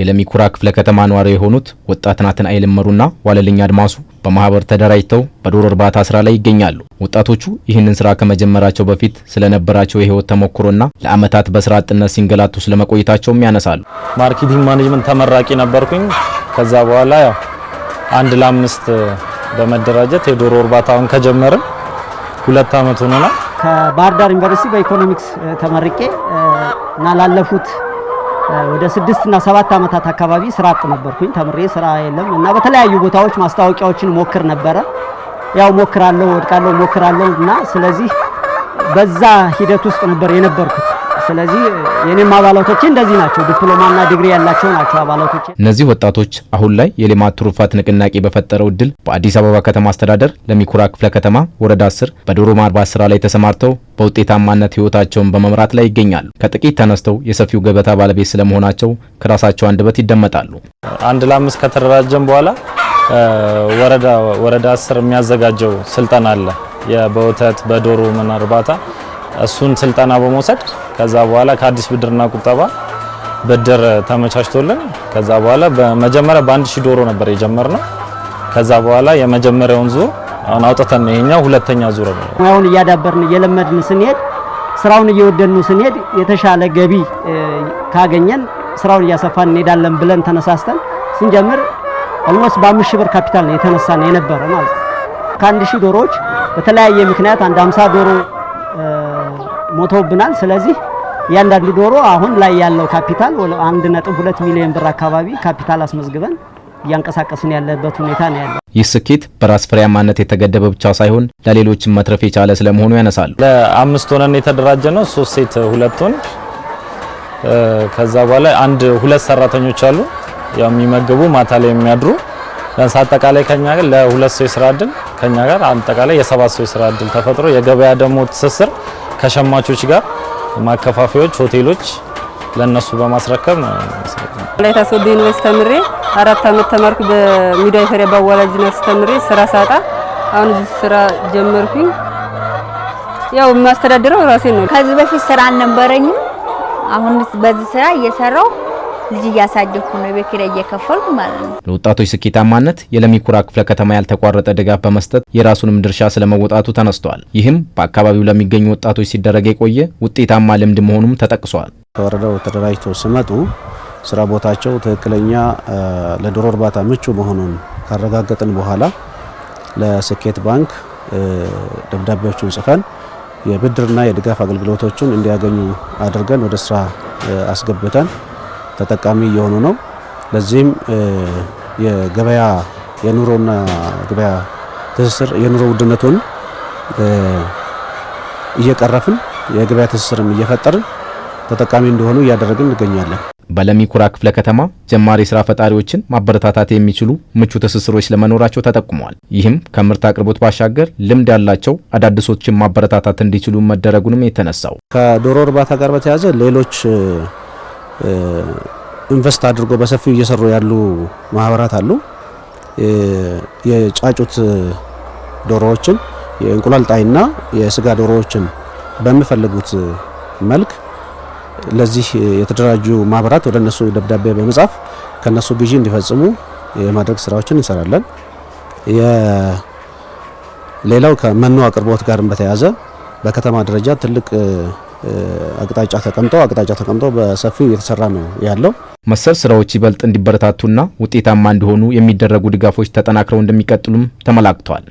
የለሚኩራ ክፍለ ከተማ ነዋሪ የሆኑት ወጣት ናትን አይልመሩና ዋለልኝ አድማሱ በማህበር ተደራጅተው በዶሮ እርባታ ስራ ላይ ይገኛሉ። ወጣቶቹ ይህንን ስራ ከመጀመራቸው በፊት ስለነበራቸው የህይወት ተሞክሮና ለአመታት በስራ አጥነት ሲንገላቱ ስለመቆየታቸውም ያነሳሉ። ማርኬቲንግ ማኔጅመንት ተመራቂ ነበርኩኝ። ከዛ በኋላ ያው አንድ ለአምስት በመደራጀት የዶሮ እርባታውን ከጀመርን ሁለት አመት ሆኖናል። ከባህር ዳር ዩኒቨርሲቲ በኢኮኖሚክስ ተመርቄ እና ላለፉት ወደ ስድስት እና ሰባት ዓመታት አካባቢ ስራ አጥ ነበርኩኝ። ተምሬ ስራ የለም እና በተለያዩ ቦታዎች ማስታወቂያዎችን ሞክር ነበረ። ያው ሞክራለሁ፣ ወድቃለሁ፣ ሞክራለሁ እና ስለዚህ በዛ ሂደት ውስጥ ነበር የነበርኩት። ስለዚህ የኔም አባላቶቼ እንደዚህ ናቸው፣ ዲፕሎማና ዲግሪ ያላቸው ናቸው አባላቶቼ። እነዚህ ወጣቶች አሁን ላይ የሌማት ትሩፋት ንቅናቄ በፈጠረው እድል በአዲስ አበባ ከተማ አስተዳደር ለሚኩራ ክፍለ ከተማ ወረዳ 10 በዶሮ ማርባት ስራ ላይ ተሰማርተው በውጤታማነት ህይወታቸውን በመምራት ላይ ይገኛሉ። ከጥቂት ተነስተው የሰፊው ገበታ ባለቤት ስለመሆናቸው ከራሳቸው አንደበት ይደመጣሉ። አንድ ለአምስት ከተደራጀን በኋላ ወረዳ ወረዳ 10 የሚያዘጋጀው ስልጠና አለ በወተት በዶሮ ምን እርባታ እሱን ስልጠና በመውሰድ ከዛ በኋላ ከአዲስ ብድርና ቁጠባ ብድር ተመቻችቶልን ከዛ በኋላ በመጀመሪያ በአንድ ሺህ ዶሮ ነበር የጀመርነው። ከዛ በኋላ የመጀመሪያውን ዙር አሁን አውጥተን ይሄኛው ሁለተኛ ዙር ነው። አሁን እያዳበርን እየለመድን ስንሄድ፣ ስራውን እየወደድን ስንሄድ የተሻለ ገቢ ካገኘን ስራውን እያሰፋን እንሄዳለን ብለን ተነሳስተን ስንጀምር ኦልሞስት በአምስት ሺህ ብር ካፒታል ነው የተነሳን የነበረ ማለት ነው። ከአንድ ሺህ ዶሮዎች በተለያየ ምክንያት አንድ አምሳ ዶሮ ሞተውብናል። ስለዚህ እያንዳንዱ ዶሮ አሁን ላይ ያለው ካፒታል አንድ ነጥብ ሁለት ሚሊዮን ብር አካባቢ ካፒታል አስመዝግበን እያንቀሳቀስን ያለበት ሁኔታ ነው ያለው። ይህ ስኬት በራስ ፍሬያማነት የተገደበ ብቻ ሳይሆን ለሌሎችም መትረፍ የቻለ ስለመሆኑ ያነሳሉ። ለአምስት ሆነን የተደራጀ ነው። ሶስት ሴት፣ ሁለት ወንድ። ከዛ በኋላ አንድ ሁለት ሰራተኞች አሉ ያው የሚመግቡ ማታ ላይ የሚያድሩ ለንስ አጠቃላይ ከኛ ጋር ለሁለት ሰው የስራ እድል ከኛ ጋር አጠቃላይ የሰባት ሰው የስራ እድል ተፈጥሮ የገበያ ደግሞ ትስስር ከሸማቾች ጋር ማከፋፈያዎች፣ ሆቴሎች ለነሱ በማስረከብ ነው። ወላይታ ዩኒቨርሲቲ ተምሬ አራት አመት ተማርኩ። በሚድዋይፈሪ ፈሪያ በአዋላጅነት ተምሬ ስራ ሳጣ አሁን እዚህ ስራ ጀመርኩኝ። ያው የማስተዳድረው ራሴ ነው። ከዚህ በፊት ስራ አልነበረኝም። አሁን በዚህ ስራ እየሰራው ልጅ እያሳደግኩ ነው፣ ቤት ኪራይ እየከፈልኩ ማለት ነው። ለወጣቶች ስኬታማነት የለሚ ኩራ ክፍለ ከተማ ያልተቋረጠ ድጋፍ በመስጠት የራሱንም ድርሻ ስለመወጣቱ ተነስተዋል። ይህም በአካባቢው ለሚገኙ ወጣቶች ሲደረግ የቆየ ውጤታማ ልምድ መሆኑም ተጠቅሷል። ከወረዳው ተደራጅተው ሲመጡ ስራ ቦታቸው ትክክለኛ ለዶሮ እርባታ ምቹ መሆኑን ካረጋገጥን በኋላ ለስኬት ባንክ ደብዳቤዎቹን ጽፈን የብድርና የድጋፍ አገልግሎቶችን እንዲያገኙ አድርገን ወደ ስራ አስገብተን ተጠቃሚ እየሆኑ ነው። ለዚህም የገበያ የኑሮና ገበያ ትስስር የኑሮ ውድነቱን እየቀረፍን የገበያ ትስስርም እየፈጠርን ተጠቃሚ እንደሆኑ እያደረግን እንገኛለን። በለሚኩራ ክፍለ ከተማ ጀማሪ ስራ ፈጣሪዎችን ማበረታታት የሚችሉ ምቹ ትስስሮች ለመኖራቸው ተጠቁመዋል። ይህም ከምርት አቅርቦት ባሻገር ልምድ ያላቸው አዳዲሶችን ማበረታታት እንዲችሉ መደረጉንም የተነሳው ከዶሮ እርባታ ጋር በተያያዘ ሌሎች ኢንቨስት አድርጎ በሰፊው እየሰሩ ያሉ ማህበራት አሉ። የጫጩት ዶሮዎችን የእንቁላል ጣይና የስጋ ዶሮዎችን በሚፈልጉት መልክ ለዚህ የተደራጁ ማህበራት ወደ እነሱ ደብዳቤ በመጻፍ ከነሱ ግዢ እንዲፈጽሙ የማድረግ ስራዎችን እንሰራለን። ሌላው ከመኖ አቅርቦት ጋርም በተያያዘ በከተማ ደረጃ ትልቅ አቅጣጫ ተቀምጦ አቅጣጫ ተቀምጦ በሰፊው እየተሰራ ነው ያለው። መሰል ስራዎች ይበልጥ እንዲበረታቱና ውጤታማ እንዲሆኑ የሚደረጉ ድጋፎች ተጠናክረው እንደሚቀጥሉም ተመላክተዋል።